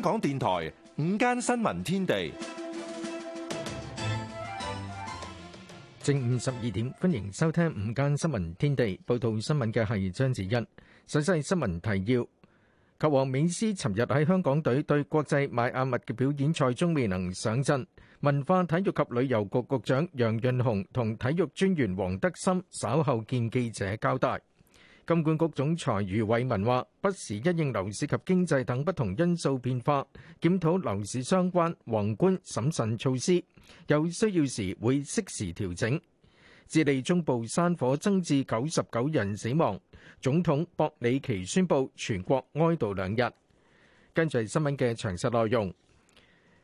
港電台香午間新聞天地，正午十二點，歡迎收聽午間新聞天地，報道新聞嘅係張子欣。詳細新聞提要：球王美斯，尋日喺香港隊對國際邁阿密嘅表演賽中未能上陣。文化體育及旅遊局局長楊潤雄同體育專員黃德森稍後見記者交代。金管局總裁余偉文話：不時因應樓市及經濟等不同因素變化，檢討樓市相關宏觀審慎措施，有需要時會適時調整。智利中部山火增至九十九人死亡，總統博里奇宣布全國哀悼兩日。跟住係新聞嘅詳細內容。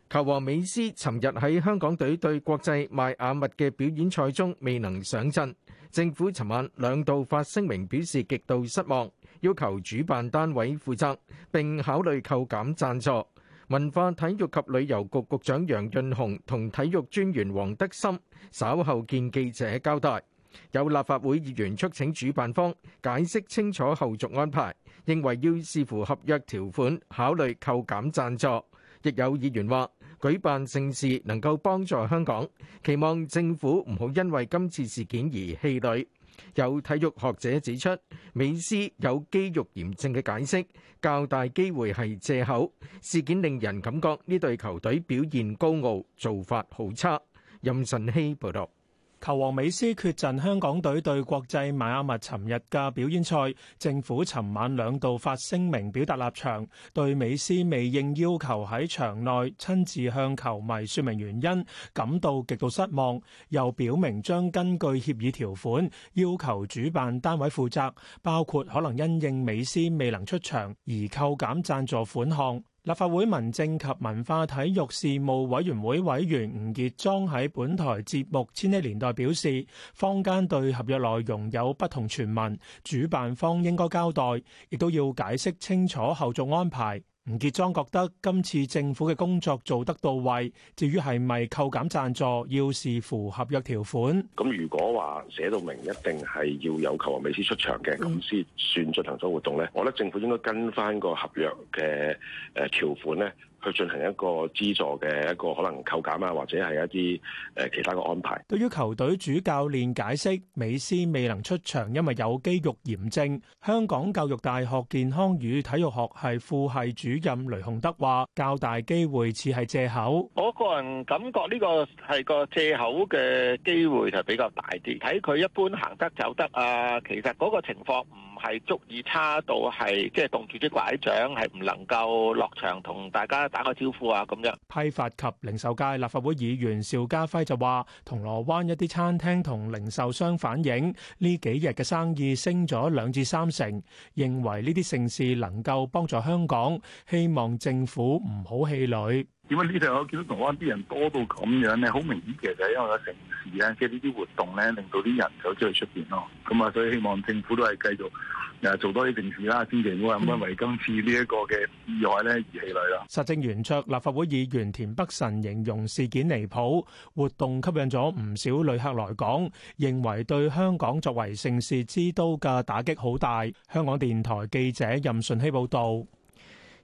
球王美斯尋日喺香港隊對國際邁阿密嘅表演賽中未能上陣，政府尋晚兩度發聲明表示極度失望，要求主辦單位負責並考慮扣減贊助。文化體育及旅遊局局長楊潤雄同體育專員黃德森稍後見記者交代，有立法會議員促請主辦方解釋清楚後續安排，認為要視乎合約條款考慮扣減贊助，亦有議員話，舉辦盛事能夠幫助香港，期望政府唔好因為今次事件而氣餒。有體育學者指出，美斯有肌肉炎症嘅解釋，較大機會係藉口。事件令人感覺呢隊球隊表現高傲，做法好差。任晨曦報道。球王美斯缺陣，香港隊對國際邁阿密尋日嘅表演賽，政府尋晚兩度發聲明表達立場，對美斯未應要求喺場內親自向球迷說明原因感到極度失望，又表明將根據協議條款要求主辦單位負責，包括可能因應美斯未能出場而扣減贊助款項。立法會民政及文化體育事務委員會委員吳傑莊喺本台節目《千禧年代》表示，坊間對合約內容有不同傳聞，主辦方應該交代，亦都要解釋清楚後續安排。吳傑莊覺得今次政府嘅工作做得到位，至於係咪扣減贊助，要視乎合約條款。咁如果話寫到明，一定係要有球王美斯出場嘅，咁先算進行咗活動咧。我覺得政府應該跟翻個合約嘅誒條款咧。去進行一個資助嘅一個可能扣減啊，或者係一啲誒其他嘅安排。對於球隊主教練解釋，美斯未能出場，因為有肌肉炎症。香港教育大學健康與體育學系副系主任雷雄德話，較大機會似係藉口。我個人感覺呢個係個藉口嘅機會就比較大啲，睇佢一般行得走得啊，其實嗰個情況唔係足以差到係即係棟住啲拐杖，係唔能夠落場同大家打個招呼啊！咁樣，批發及零售界立法會議員邵家輝就話，銅鑼灣一啲餐廳同零售商反映，呢幾日嘅生意升咗兩至三成，認為呢啲盛事能夠幫助香港，希望政府唔好氣餒。點解呢度我見到銅鑼灣啲人多到咁樣呢？好明顯其實係因為有盛事咧，即係呢啲活動咧，令到啲人走咗去出邊咯。咁啊，所以希望政府都係繼續做多啲盛事啦，先至唔好為今次呢一個嘅意外咧而氣餒啦。實政圓桌立法會議員田北辰形容事件離譜，活動吸引咗唔少旅客來港，認為對香港作為盛事之都嘅打擊好大。香港電台記者任順希報道。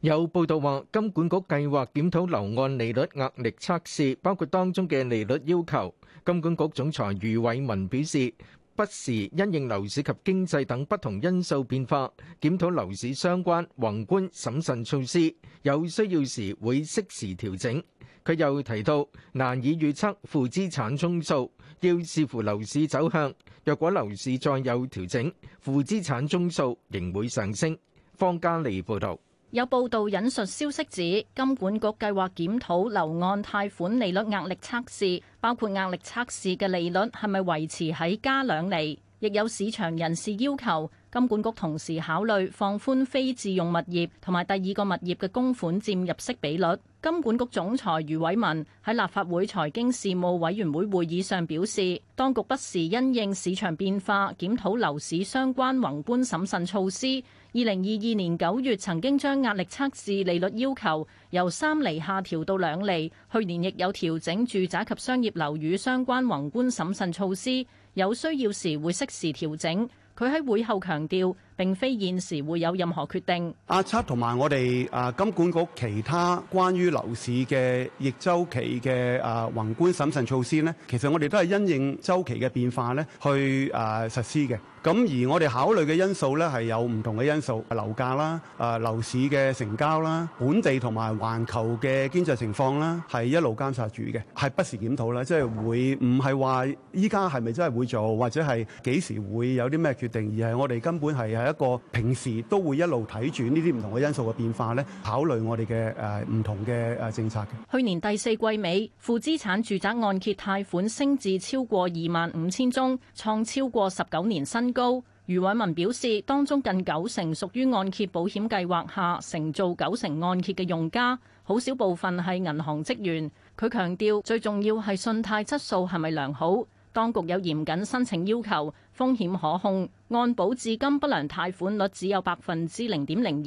有報道話金管局計劃檢討樓按利率壓力測試，包括當中嘅利率要求。金管局總裁余偉文表示，不時因應樓市及經濟等不同因素變化，檢討樓市相關宏觀審慎措施，有需要時會適時調整。佢又提到難以預測負資產宗數要視乎樓市走向，若果樓市再有調整，負資產宗數仍會上升。方家利報道。有報道引述消息指，金管局計劃檢討樓按貸款利率壓力測試，包括壓力測試嘅利率係咪維持喺加兩厘。亦有市場人士要求金管局同時考慮放寬非自用物業同埋第二個物業嘅供款佔入息比率。金管局總裁余偉文喺立法會財經事務委員會會議上表示，當局不時因應市場變化，檢討樓市相關宏觀審慎措施。二零二二年九月，曾經將壓力測試利率要求由三厘下調到兩厘。去年亦有調整住宅及商業樓宇相關宏觀審慎措施，有需要時會適時調整。佢喺會後強調：並非現時會有任何決定。阿七同埋我哋啊金管局其他關於樓市嘅逆周期嘅啊宏觀審慎措施咧，其實我哋都係因應周期嘅變化咧去啊實施嘅。咁而我哋考慮嘅因素咧，係有唔同嘅因素，樓價啦、啊樓市嘅成交啦、本地同埋環球嘅經濟情況啦，係一路監察住嘅，係不時檢討啦，即係會唔係話依家係咪真係會做，或者係幾時會有啲咩決定，而係我哋根本係。係一個平時都會一路睇住呢啲唔同嘅因素嘅變化咧，考慮我哋嘅誒唔同嘅誒政策嘅。去年第四季尾，負資產住宅按揭貸款升至超過二萬五千宗，創超過十九年新高。余偉文表示，當中近九成屬於按揭保險計劃下承造九成按揭嘅用家，好少部分係銀行職員。佢強調，最重要係信貸質素係咪良好。當局有嚴謹申請要求，風險可控，按保至今不良貸款率只有百分之零點零二，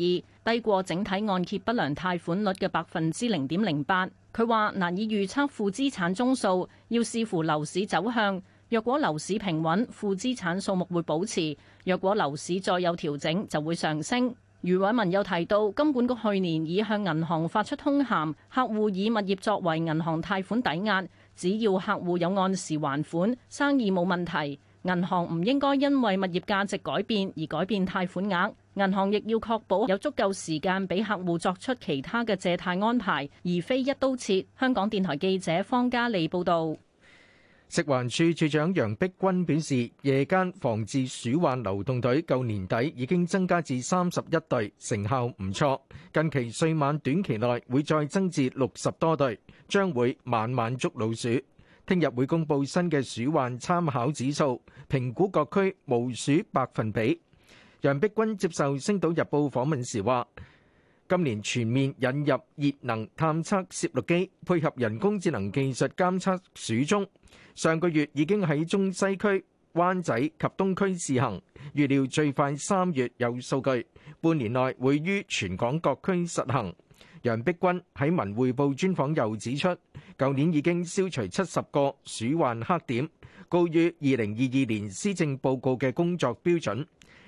低過整體按揭不良貸款率嘅百分之零點零八。佢話難以預測負資產宗數，要視乎樓市走向。若果樓市平穩，負資產數目會保持；若果樓市再有調整，就會上升。余偉文又提到，金管局去年已向銀行發出通函，客戶以物業作為銀行貸款抵押。只要客戶有按時還款，生意冇問題，銀行唔應該因為物業價值改變而改變貸款額。銀行亦要確保有足夠時間俾客戶作出其他嘅借貸安排，而非一刀切。香港電台記者方嘉利報導。食環署署長楊碧君表示，夜間防治鼠患流動隊舊年底已經增加至三十一隊，成效唔錯，近期歲晚短期內，會再增至六十多隊，將會晚晚捉老鼠。聽日會公布新嘅鼠患參考指數，評估各區無鼠百分比。楊碧君接受星島日報訪問時話，今年全面引入熱能探測攝錄機，配合人工智能技術監測鼠蹤。上個月已經喺中西區、灣仔及東區試行，預料最快三月有數據，半年內會於全港各區實行。楊碧君喺文匯報專訪又指出，舊年已經消除七十個鼠患黑點，高於2022年施政報告嘅工作標準。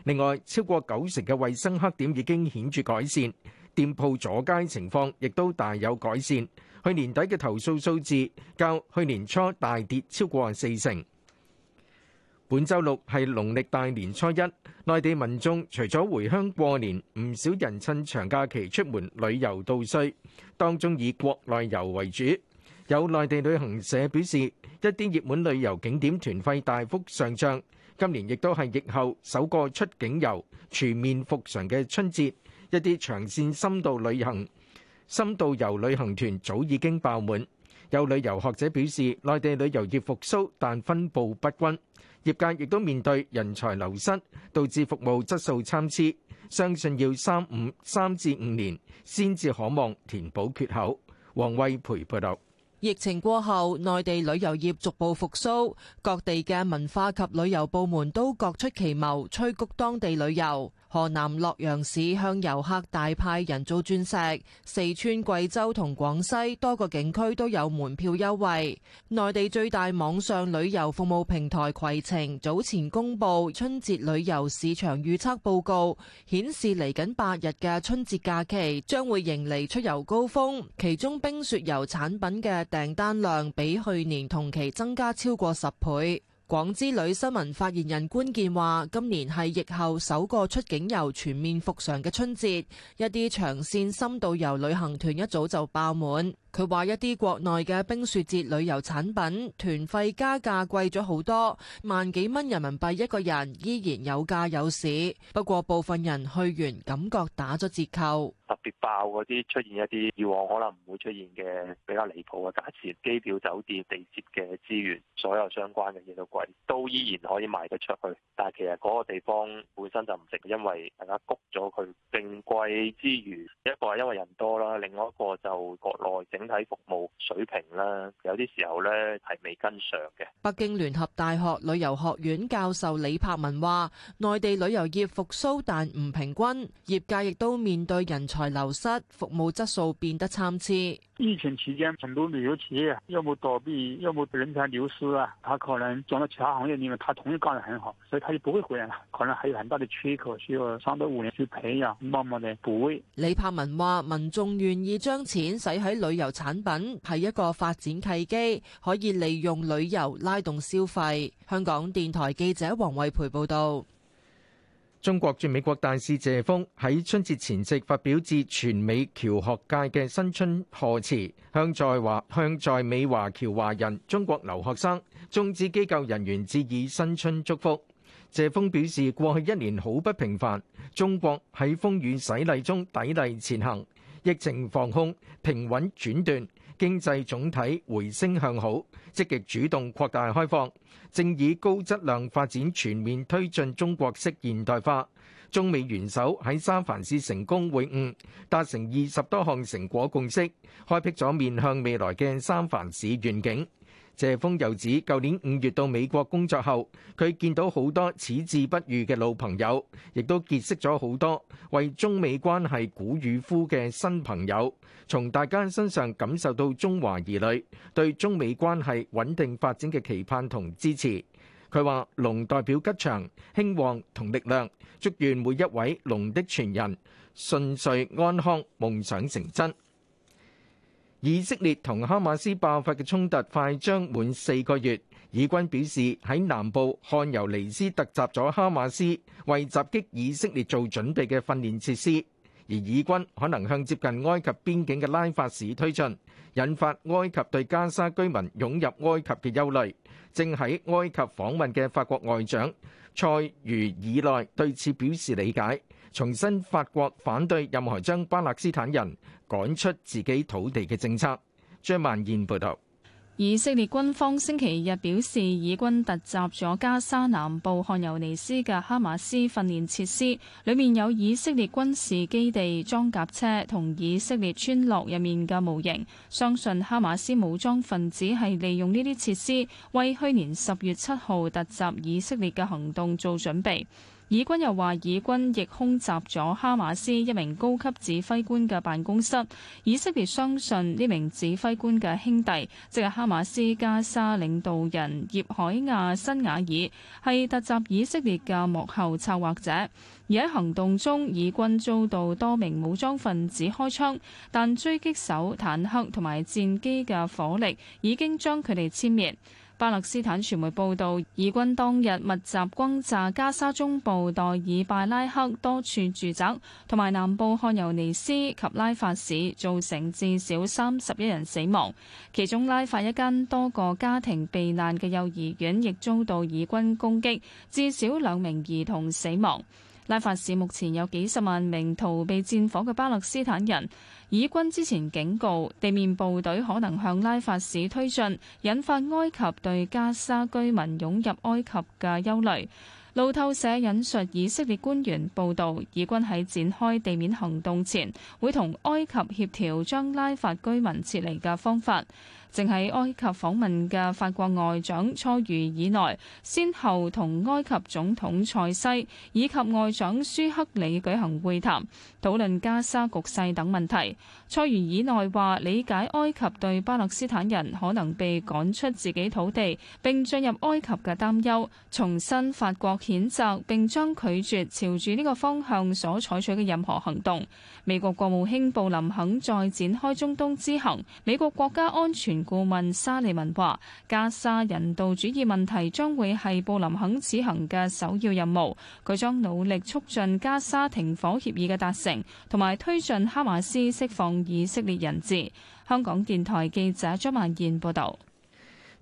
另外，超過九成嘅衛生黑點已經顯著改善。店鋪阻街情況亦都大有改善，去年底嘅投訴數字較去年初大跌超過四成。本周六係農曆大年初一，內地民眾除咗回鄉過年，唔少人趁長假期出門旅遊度歲，當中以國內遊為主。有內地旅行社表示，一啲熱門旅遊景點團費大幅上漲，今年亦都係疫後首個出境遊全面復常嘅春節。一啲長線深度旅行、深度遊旅行團早已經爆滿。有旅遊學者表示，內地旅遊業復甦，但分佈不均。業界亦都面對人才流失，導致服務質素參差。相信要三五三至五年，先至可望填補缺口。王惠培報導。疫情過後，內地旅遊業逐步復甦，各地嘅文化及旅遊部門都各出奇謀，催谷當地旅遊。河南洛陽市向遊客大派人造鑽石，四川、貴州同廣西多個景區都有門票優惠。內地最大網上旅遊服務平台携程早前公布春節旅遊市場預測報告，顯示嚟緊八日嘅春節假期將會迎嚟出遊高峰，其中冰雪遊產品嘅訂單量比去年同期增加超過十倍。廣之旅新聞發言人官健話：今年係疫後首個出境遊全面復常嘅春節，一啲長線深度遊旅行團一早就爆滿。佢話一啲國內嘅冰雪節旅遊產品團費加價貴咗好多，萬幾蚊人民幣一個人，依然有價有市。不過部分人去完感覺打咗折扣，特別爆嗰啲出現一啲以往可能唔會出現嘅比較離譜嘅價錢，機票、酒店、地接嘅資源，所有相關嘅嘢都貴都依然可以賣得出去。但係其實嗰個地方本身就唔值，因為大家谷咗佢並貴之餘一個係因為人多啦，另外一個就國內整。體服務水平咧，有啲時候呢係未跟上嘅。北京聯合大學旅遊學院教授李柏文話，內地旅遊業復甦但唔平均，業界亦都面對人才流失，服務質素變得參差。疫情期間，很多旅遊企業要麼倒閉，要麼人才流失啊！他可能轉到其他行業裏面，他同樣幹得很好，所以他就不會回來了，可能還有很大的缺口，需要三到五年去培養，慢慢的補位。李柏文話，民眾願意將錢使喺旅遊產品係一個發展契機，可以利用旅遊拉動消費。香港電台記者黃慧培報導。中國駐美國大使謝峰喺春節前夕發表致全美僑學界嘅新春賀詞，向在華向在美華僑華人、中國留學生、中資機構人員致以新春祝福。謝峰表示，過去一年好不平凡，中國喺風雨洗禮中砥礪前行。疫情防控平穩轉段，經濟總體回升向好，積極主動擴大開放，正以高質量發展全面推進中國式現代化。中美元首喺三藩市成功會晤，達成二十多項成果共識，開闢咗面向未來嘅三藩市願景。謝峰又指，舊年五以色列同哈馬斯爆發嘅衝突快將滿四個月，以軍表示喺南部漢尤尼斯突襲咗哈馬斯為襲擊以色列做準備嘅訓練設施，而以軍可能向接近埃及邊境嘅拉法市推進，引發埃及對加沙居民湧入埃及嘅憂慮。正喺埃及訪問嘅法國外長塞茹爾內對此表示理解。重申，法國反對任何將巴勒斯坦人趕出自己土地嘅政策。張曼燕報導。以色列軍方星期日表示，以軍突襲咗加沙南部汗尤尼斯嘅哈馬斯訓練設施，裡面有以色列軍事基地、裝甲車同以色列村落入面嘅模型。相信哈馬斯武裝分子係利用呢啲設施為去年十月七號突襲以色列嘅行動做準備。以軍又話，以軍亦空襲咗哈馬斯一名高級指揮官嘅辦公室。以色列相信呢名指揮官嘅兄弟，即係哈馬斯加沙領導人葉海亞·辛瓦爾，係突襲以色列嘅幕後策劃者。而喺行動中，以軍遭到多名武裝分子開槍，但狙擊手、坦克同埋戰機嘅火力已經將佢哋殲滅。巴勒斯坦傳媒報道，以軍當日密集轟炸加沙中部代爾拜拉克多處住宅，同埋南部漢尤尼斯及拉法市，造成至少三十一人死亡，其中拉法一間多個家庭避難嘅幼兒園亦遭到以軍攻擊，至少兩名兒童死亡。拉法市目前有幾十萬名逃避戰火嘅巴勒斯坦人。以軍之前警告地面部隊可能向拉法市推進，引發埃及對加沙居民湧入埃及嘅憂慮。路透社引述以色列官員報道，以軍喺展開地面行動前，會同埃及協調將拉法居民撤離嘅方法。正喺埃及訪問嘅法國外長塞茹爾內，先後同埃及總統塞西以及外長舒克里舉行會談，討論加沙局勢等問題。塞茹爾內話：理解埃及對巴勒斯坦人可能被趕出自己土地並進入埃及嘅擔憂，重申法國譴責並將拒絕朝住呢個方向所採取嘅任何行動。美國國務卿布林肯再展開中東之行，美國國家安全顧問沙利文話：加沙人道主義問題將會係布林肯此行嘅首要任務，佢將努力促進加沙停火協議嘅達成，同埋推進哈馬斯釋放以色列人質。香港電台記者張曼燕報道。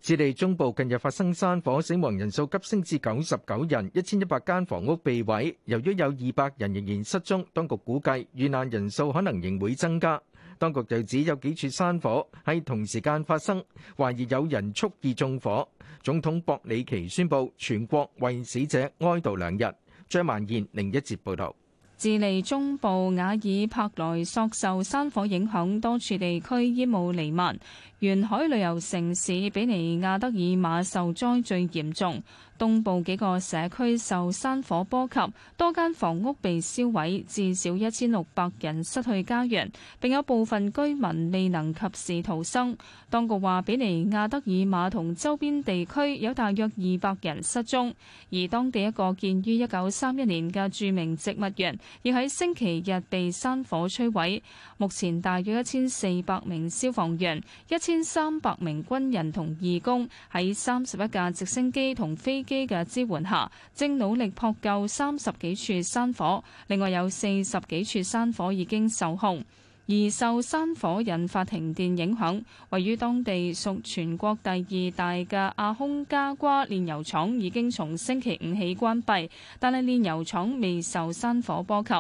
智利中部近日發生山火，死亡人數急升至九十九人，一千一百間房屋被毀。由於有二百人仍然失蹤，當局估計遇難人數可能仍會增加。當局就指有幾處山火喺同時間發生，懷疑有人蓄意縱火。總統博里奇宣布全國為死者哀悼兩日。張曼燕另一節報道，智利中部瓦爾帕萊索受山火影響多處地區煙霧瀰漫。沿海旅遊城市比尼亞德爾瑪受災最嚴重，東部幾個社區受山火波及，多間房屋被燒毀，至少一千六百人失去家園，並有部分居民未能及時逃生。當局話，比尼亞德爾瑪同周邊地區有大約二百人失蹤，而當地一個建於一九三一年嘅著名植物園亦喺星期日被山火摧毀。目前大約一千四百名消防員。一千。千三百名軍人同義工喺三十一架直升機同飛機嘅支援下，正努力撲救三十幾處山火，另外有四十幾處山火已經受控。而受山火引發停電影響，位於當地屬全國第二大嘅阿空加瓜煉油廠已經從星期五起關閉，但係煉油廠未受山火波及，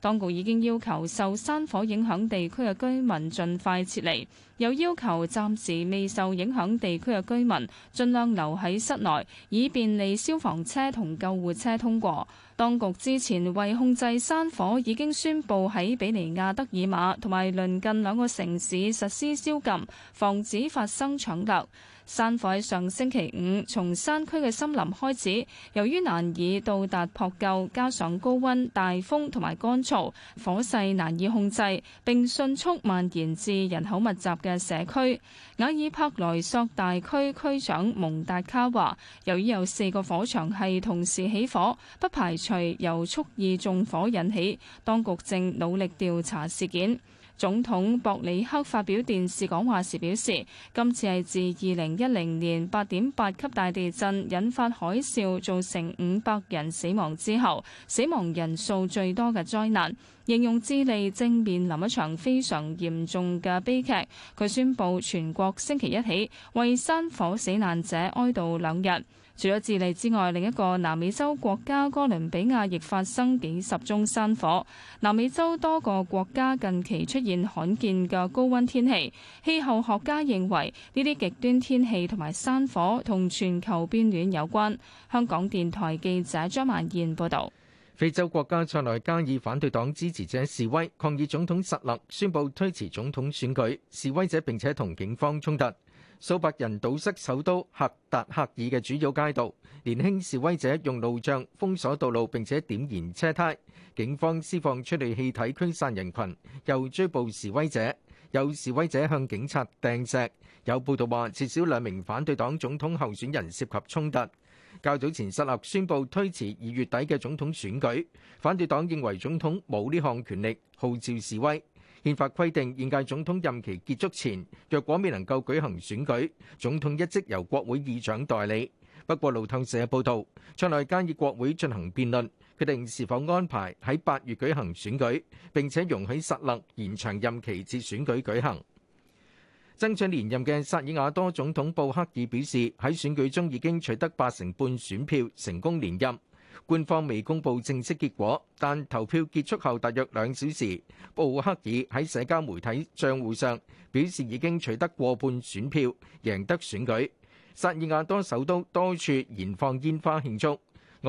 當局已經要求受山火影響地區嘅居民盡快撤離，又要求暫時未受影響地區嘅居民盡量留喺室內，以便利消防車同救護車通過。當局之前為控制山火，已經宣布喺比尼亞德爾馬同埋鄰近兩個城市實施宵禁，防止發生搶掠。山火喺上星期五從山區嘅森林開始，由於難以到達撲救，加上高溫、大風同埋乾燥，火勢難以控制，並迅速蔓延至人口密集嘅社區。瓦爾帕萊索大區區長蒙達卡話，由於有四個火場係同時起火，不排除由蓄意縱火引起，當局正努力調查事件。總統博里克發表電視講話時表示，今次係自二零一零年八點八級大地震引發海嘯，造成五百人死亡之後，死亡人數最多嘅災難。形容智利正面臨一場非常嚴重嘅悲劇。佢宣布全國星期一起，為山火死難者哀悼兩日。除咗智利之外，另一個南美洲國家哥倫比亞亦發生幾十宗山火。南美洲多個國家近期出現罕見嘅高温天氣，氣候學家認為呢啲極端天氣同埋山火同全球變暖有關。香港電台記者張曼燕報道。非洲國家塞內加爾反對黨支持者示威，抗議總統薩勒宣布推遲總統選舉，示威者並且同警方衝突。數百人堵塞首都達喀爾嘅主要街道，年輕示威者用路障封鎖道路，並且點燃車胎。警方施放催淚氣體驅散人群，又追捕示威者。有示威者向警察掟石。有報道話，至少兩名反對黨總統候選人涉及衝突。較早前薩勒宣布推遲二月底嘅總統選舉。反對黨認為總統冇呢項權力，號召示威。憲法規定現屆總統任期結束前，若果未能夠舉行選舉，總統一職由國會議長代理。不過路透社報道，將來間以國會進行辯論，決定是否安排喺八月舉行選舉，並且容許薩勒延長任期至選舉舉行。爭取連任嘅薩爾瓦多總統布克爾表示，喺選舉中已經取得八成半選票，成功連任。官方未公布正式結果，但投票結束後大約兩小時，布克爾喺社交媒體賬戶上表示已經取得過半選票，贏得選舉。薩爾瓦多首都多處燃放煙花慶祝。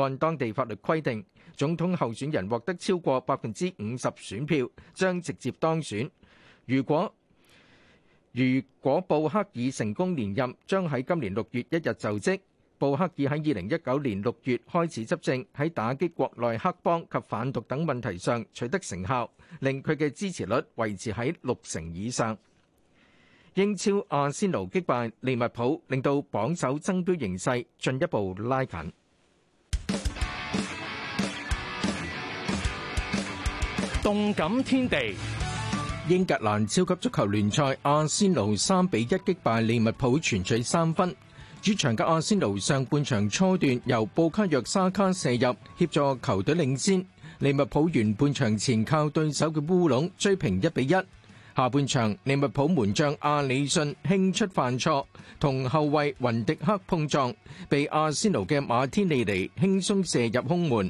按當地法律規定，總統候選人獲得超過百分之五十選票，將直接當選。如果如果布克爾成功連任，將喺今年六月一日就職。布克爾喺二零一九年六月開始執政，喺打擊國內黑幫及販毒等問題上取得成效，令佢嘅支持率維持喺六成以上。英超阿仙奴擊敗利物浦，令到榜首爭標形勢進一步拉近。動感天地！英格蘭超級足球聯賽阿仙奴三比一擊敗利物浦，全取三分。主場嘅阿仙奴上半場初段由布卡約沙卡射入協助球隊領先，利物浦完半場前靠對手嘅烏龍追平一比一。下半場利物浦門將阿里信輕出犯錯，同後衛雲迪克碰撞，被阿仙奴嘅馬天利尼輕鬆射入空門。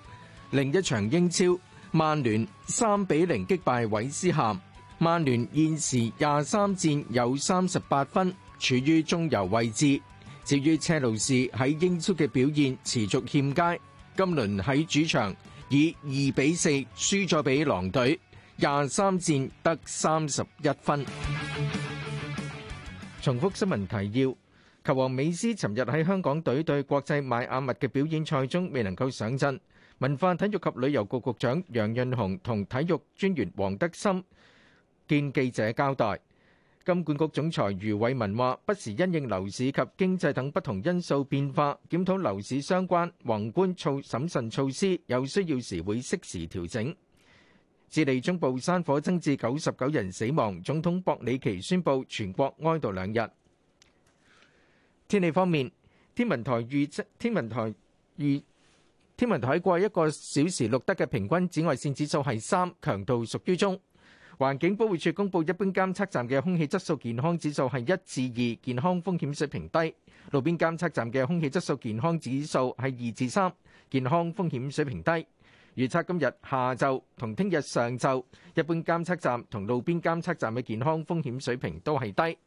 另一場英超，曼聯三比零擊敗韋斯咸。曼聯現時廿三戰有三十八分，處於中游位置。至於車路士喺英超嘅表現持續欠佳，今輪喺主場以二比四輸咗俾狼隊，廿三戰得三十一分。重複新聞提要。球王美斯尋日喺香港隊對國際邁阿密嘅表演賽中未能夠上陣。文化體育及旅遊局局長楊潤雄同體育專員黃德森見記者交代。金管局總裁余偉文話：不時因應樓市及經濟等不同因素變化，檢討樓市相關宏觀措審慎措施，有需要時會適時調整。智利中部山火增至九十九人死亡，總統博里奇宣布全國哀悼兩日。天氣方面，天文台預測，天文台預天文台喺過一個小時錄得嘅平均紫外線指數係三，強度屬於中。環境保護署公布，一般監測站嘅空氣質素健康指數係一至二，健康風險水平低；路邊監測站嘅空氣質素健康指數係二至三，健康風險水平低。預測今日下晝同聽日上晝，一般監測站同路邊監測站嘅健康風險水平都係低。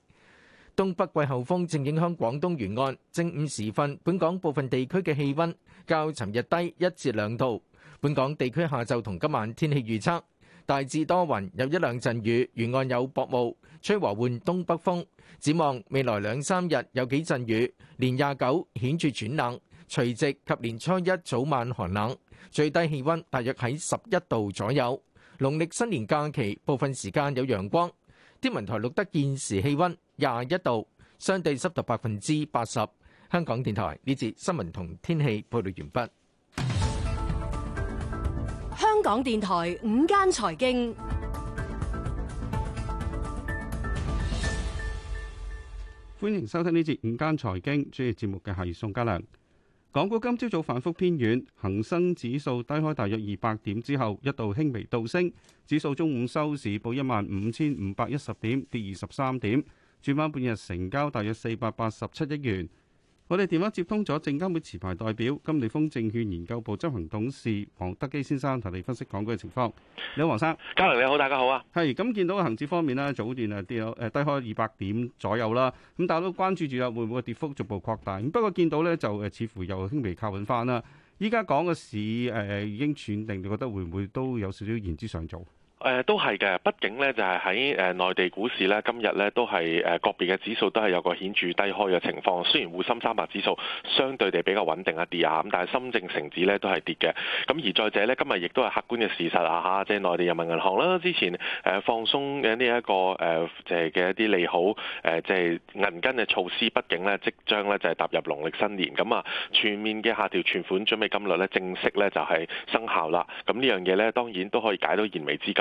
東北季候風正影響廣東沿岸，正午時分，本港部分地區嘅氣溫較尋日低一至兩度。本港地區下晝同今晚天氣預測，大致多雲，有一兩陣雨，沿岸有薄霧，吹和緩東北風。展望未來兩三日有幾陣雨，年廿九顯著轉冷，除夕及年初一早晚寒冷，最低氣溫大約喺十一度左右。農曆新年假期部分時間有陽光。天文台錄得現時氣溫。廿一度，相對濕度百分之八十。香港電台呢節新聞同天氣報道完畢。香港電台午間財經，歡迎收聽呢節午間財經，主持節目嘅係宋家良。港股今朝早反復偏軟，恒生指數低開大約二百點之後一度輕微倒升，指數中午收市報一萬五千五百一十點，跌二十三點。主板半日成交大約四百八十七億元。我哋電話接通咗證監會持牌代表金利豐證券研究部執行董事黃德基先生，同你分析港股嘅情況。你好，黃生，嘉良你好，大家好啊。係咁，見到恆指方面咧，早段啊跌有誒低開二百點左右啦。咁大家都關注住啊，會唔會個跌幅逐步擴大？不過見到咧就誒似乎又輕微靠穩翻啦。依家講嘅市誒已經轉定，你覺得會唔會都有少少言之尚早？誒都係嘅，畢竟呢，就係喺誒內地股市呢，今日呢都係誒個別嘅指數都係有個顯著低開嘅情況。雖然滬深三百指數相對地比較穩定一啲啊，咁但係深證成指呢都係跌嘅。咁而再者呢，今日亦都係客觀嘅事實啊嚇，即係內地人民銀行啦，之前誒放鬆嘅呢一個誒即係嘅一啲利好誒即係銀根嘅措施，畢竟呢，即將呢就係、是、踏入農曆新年咁啊，全面嘅下調存款準備金率呢，正式呢就係、是、生效啦。咁呢樣嘢呢，當然都可以解到燃眉之急。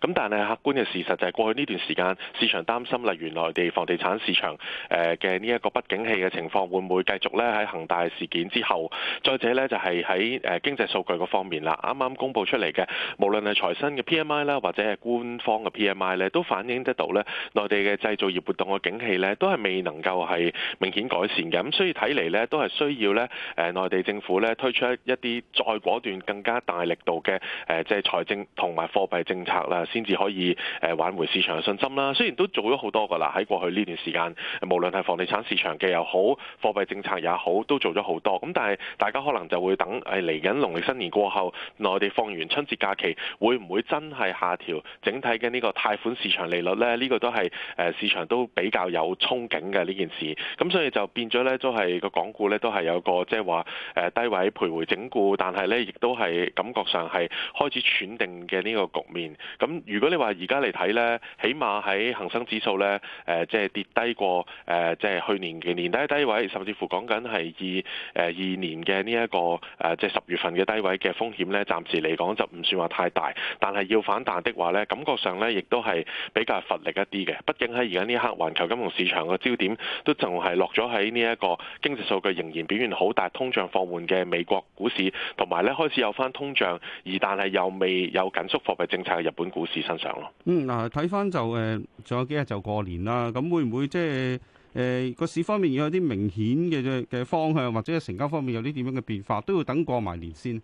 咁但係客觀嘅事實就係過去呢段時間，市場擔心啦，例如內地房地產市場誒嘅呢一個不景氣嘅情況會唔會繼續咧？喺恒大事件之後，再者咧就係喺誒經濟數據方面啦，啱啱公布出嚟嘅，無論係財新嘅 PMI 啦，或者係官方嘅 PMI 咧，都反映得到咧內地嘅製造業活動嘅景氣咧都係未能夠係明顯改善嘅，咁所以睇嚟咧都係需要咧誒內地政府咧推出一啲再果斷、更加大力度嘅誒即係財政同埋貨幣政策。先至可以誒挽回市場嘅信心啦。雖然都做咗好多㗎啦，喺過去呢段時間，無論係房地產市場嘅又好，貨幣政策也好，都做咗好多。咁但係大家可能就會等誒嚟緊農曆新年過後，內地放完春節假期，會唔會真係下調整體嘅呢個貸款市場利率呢，呢個都係誒市場都比較有憧憬嘅呢件事。咁所以就變咗呢，都係個港股呢，都係有個即係話誒低位徘徊整固，但係呢，亦都係感覺上係開始喘定嘅呢個局面。咁如果你話而家嚟睇呢，起碼喺恒生指數呢，呃、即係、就是、跌低過呃、即係、就是、去年嘅年底低位，甚至乎講緊係二二年嘅呢一個呃、即係、就是、十月份嘅低位嘅風險呢，暫時嚟講就唔算話太大。但係要反彈的話呢，感覺上呢亦都係比較乏力一啲嘅。畢竟喺而家呢一刻，環球金融市場嘅焦點都仲係落咗喺呢一個經濟數據仍然表現好，但係通脹放緩嘅美國股市，同埋呢開始有翻通脹，而但係又未有緊縮貨幣政策，日本股市身上咯。嗯，嗱，睇翻就誒，仲有幾日就過年啦。咁會唔會即係誒個市方面要有啲明顯嘅嘅方向，或者係成交方面有啲點樣嘅變化，都要等過埋年先。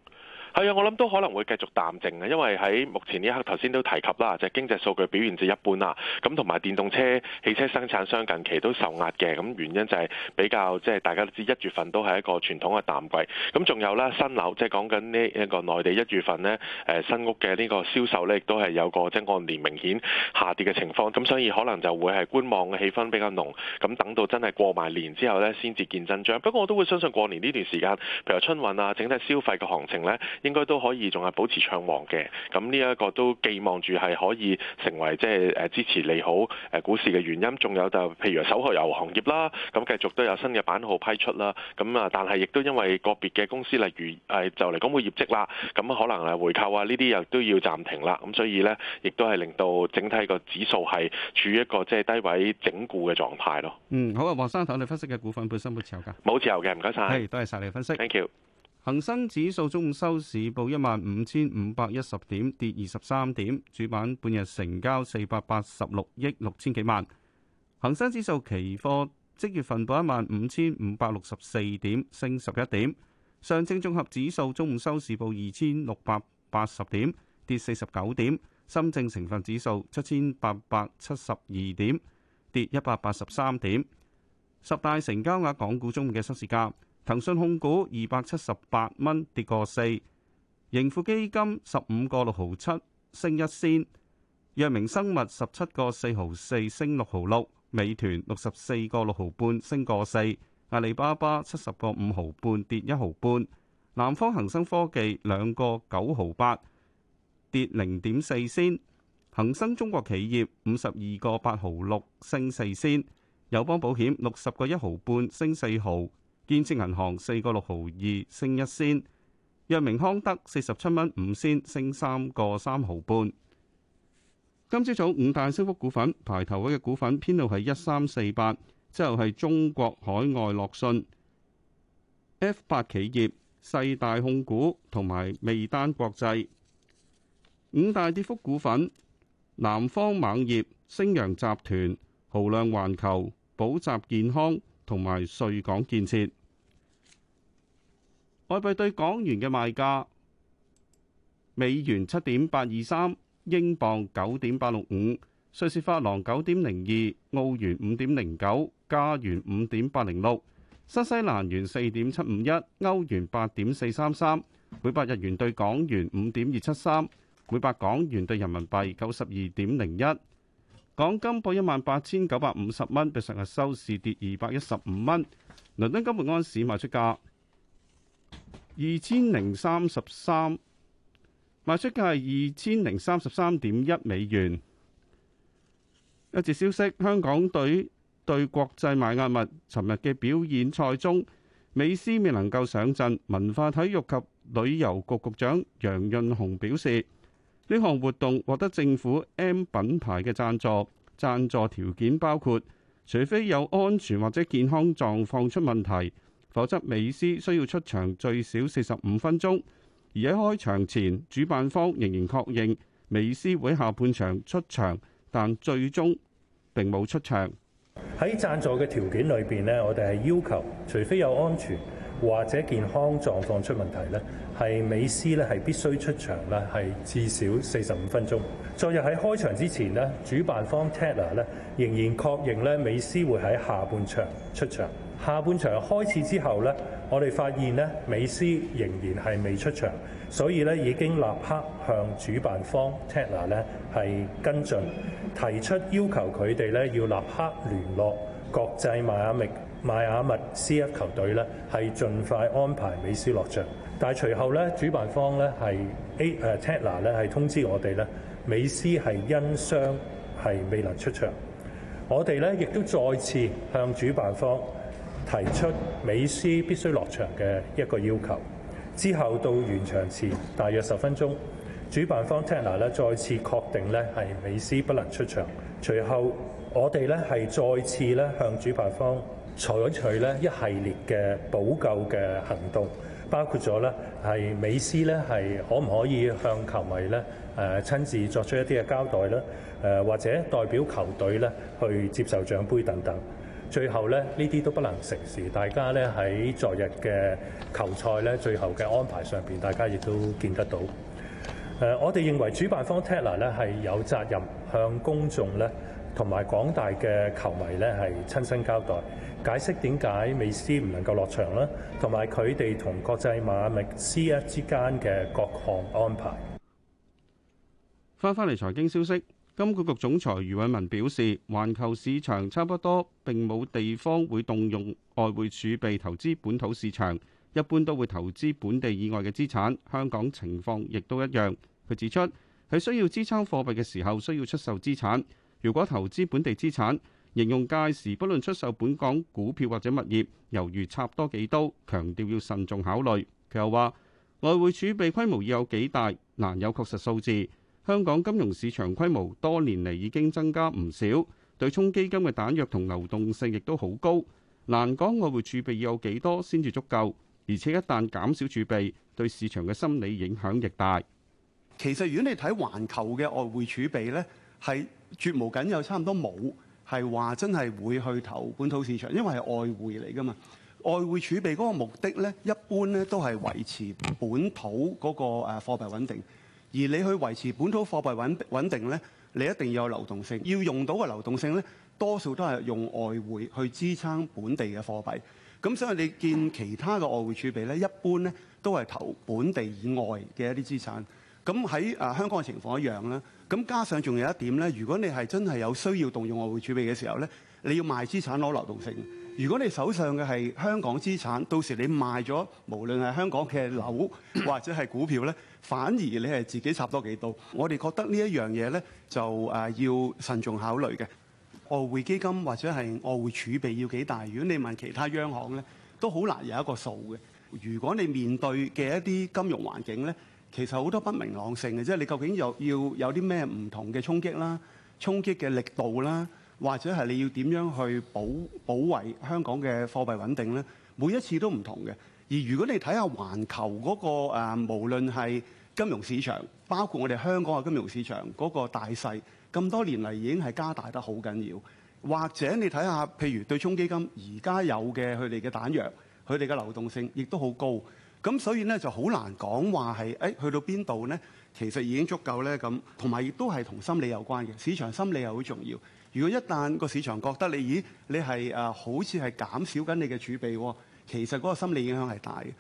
係啊，我諗都可能會繼續淡靜，因為喺目前呢一刻，頭先都提及啦，就經濟數據表現至一般啦。咁同埋電動車汽車生產商近期都受壓嘅，咁原因就係比較即係大家都知，一月份都係一個傳統嘅淡季。咁仲有啦，新樓即係講緊呢一個內地一月份呢，誒新屋嘅呢個銷售呢，亦都係有個即係按年明顯下跌嘅情況。咁所以可能就會係觀望嘅氣氛比較濃。咁等到真係過埋年之後呢，先至見真章。不過我都會相信過年呢段時間，譬如春運啊，整體消費嘅行情呢。應該都可以仲係保持暢旺嘅，咁呢一個都寄望住係可以成為即係誒支持利好誒股市嘅原因。仲有就譬如手遊行業啦，繼續都有新嘅版號批出啦。咁啊，但係亦都因為個別嘅公司，例如誒就嚟公布業績啦，咁可能係回購啊呢啲又都要暫停啦。咁所以呢，亦都係令到整體個指數係處於一個即係低位整固嘅狀態咯。嗯，好，啊，黃生討你分析嘅股份本身冇持有㗎，冇持有嘅，唔該晒。係多謝晒你分析，thank you。恒生指數中午收市報一萬五千五百一十點，跌二十三點。主板半日成交四百八十六億六千幾萬。恒生指數期貨即月份報一萬五千五百六十四點，升十一點。上證綜合指數中午收市報二千六百八十點，跌四十九點。深證成分指數七千八百七十二點，跌一百八十三點。十大成交額港股中午嘅收市價。騰訊控股二百七十八蚊，跌個四；盈富基金十五個六毫七，升一仙；藥明生物十七個四毫四，升六毫六；美團六十四個六毫半，升個四；阿里巴巴七十個五毫半，跌一毫半；南方恒生科技兩個九毫八，跌零點四仙；恒生中國企業五十二個八毫六，升四仙；友邦保險六十個一毫半，升四毫。建設銀行四個六毫二升一仙，藥明康德四十七蚊五仙升三個三毫半。今朝早五大升幅股份排頭位嘅股份編號係一三四八，之後係中國海外、樂信、F 八企業、世大控股同埋微單國際。五大跌幅股份：南方猛業、星陽集團、豪量環球、寶澤健康同埋瑞港建設。外幣對港元嘅賣價：美元七點八二三，英鎊九點八六五，瑞士法郎九點零二，澳元五點零九，加元五點八零六，新西蘭元四點七五一，歐元八點四三三，每百日元對港元五點二七三，每百港元對人民幣九十二點零一。港金報一萬八千九百五十蚊，對上日收市跌二百一十五蚊。倫敦金每安士賣出價。二千零三十三，賣出價係二千零三十三點一美元。一節消息，香港隊對，對國際買壓物，尋日嘅表演賽中，美斯未能夠上陣。文化體育及旅遊局局長楊潤雄表示，呢項活動獲得政府 M 品牌嘅贊助，贊助條件包括，除非有安全或者健康狀況出問題。否則，美斯需要出場最少四十五分鐘。而喺開場前，主辦方仍然確認美斯會下半場出場，但最終並冇出場。喺贊助嘅條件裏邊咧，我哋係要求，除非有安全或者健康狀況出問題咧，係美斯咧係必須出場啦，係至少四十五分鐘。昨日喺開場之前咧，主辦方 Teller 仍然確認咧美斯會喺下半場出場。下半場開始之後咧，我哋發現咧，美斯仍然係未出場，所以咧已經立刻向主辦方 Tatler 咧係跟進，提出要求佢哋咧要立刻聯絡國際邁阿密邁阿密 C.F 球隊咧，係盡快安排美斯落場。但係隨後咧，主辦方咧係 A 誒 Tatler 咧係通知我哋咧，美斯係因傷係未能出場。我哋咧亦都再次向主辦方。提出美斯必須落場嘅一個要求，之後到完場前大約十分鐘，主辦方 Tatler 咧再次確定咧係美斯不能出場，隨後我哋咧係再次咧向主辦方採取咧一系列嘅補救嘅行動，包括咗咧係美斯咧係可唔可以向球迷咧誒親自作出一啲嘅交代咧？誒或者代表球隊咧去接受獎杯等等。最後咧，呢啲都不能成事。大家咧喺昨日嘅球賽咧，最後嘅安排上邊，大家亦都見得到。誒，我哋認為主辦方 Teller 咧係有責任向公眾咧同埋廣大嘅球迷咧係親身交代，解釋點解美斯唔能夠落場啦，同埋佢哋同國際馬迷 CF 之間嘅各項安排。翻返嚟財經消息。金管局總裁余偉文表示，環球市場差不多，並冇地方會動用外匯儲備投資本土市場，一般都會投資本地以外嘅資產。香港情況亦都一樣。佢指出，喺需要支撐貨幣嘅時候，需要出售資產。如果投資本地資產，形容屆時不論出售本港股票或者物業，猶如插多幾刀。強調要慎重考慮。佢又話，外匯儲備規模要有幾大，難有確實數字。香港金融市場規模多年嚟已經增加唔少，對沖基金嘅彈藥同流動性亦都好高，難講外匯儲備要有幾多先至足夠，而且一旦減少儲備對市場嘅心理影響亦大。其實如果你睇環球嘅外匯儲備咧，係絕無僅有，差唔多冇係話真係會去投本土市場，因為係外匯嚟噶嘛。外匯儲備嗰個目的咧，一般咧都係維持本土嗰個誒貨幣穩定。而你去維持本土貨幣穩穩定咧，你一定要有流動性。要用到嘅流動性咧，多數都係用外匯去支撐本地嘅貨幣。咁所以你見其他嘅外匯儲備咧，一般咧都係投本地以外嘅一啲資產。咁喺啊香港嘅情況一樣啦。咁加上仲有一點咧，如果你係真係有需要動用外匯儲備嘅時候咧，你要賣資產攞流動性。如果你手上嘅係香港資產，到時你賣咗，無論係香港嘅樓或者係股票咧，反而你係自己插多幾度。我哋覺得呢一樣嘢咧，就誒要慎重考慮嘅。外匯基金或者係外匯儲備要幾大？如果你問其他央行咧，都好難有一個數嘅。如果你面對嘅一啲金融環境咧，其實好多不明朗性嘅，即係你究竟又要有啲咩唔同嘅衝擊啦，衝擊嘅力度啦。或者係你要點樣去保保衛香港嘅貨幣穩定呢？每一次都唔同嘅。而如果你睇下環球嗰個、誒、無論係金融市場，包括我哋香港嘅金融市場嗰個大勢，咁多年嚟已經係加大得好緊要。或者你睇下，譬如對沖基金而家有嘅佢哋嘅彈藥，佢哋嘅流動性亦都好高。咁所以呢，就好難講話係誒去到邊度呢？其實已經足夠呢。咁同埋亦都係同心理有關嘅，市場心理係好重要。如果一旦個市場覺得你，咦，你係誒好似係減少緊你嘅儲備喎，其實嗰個心理影響係大嘅。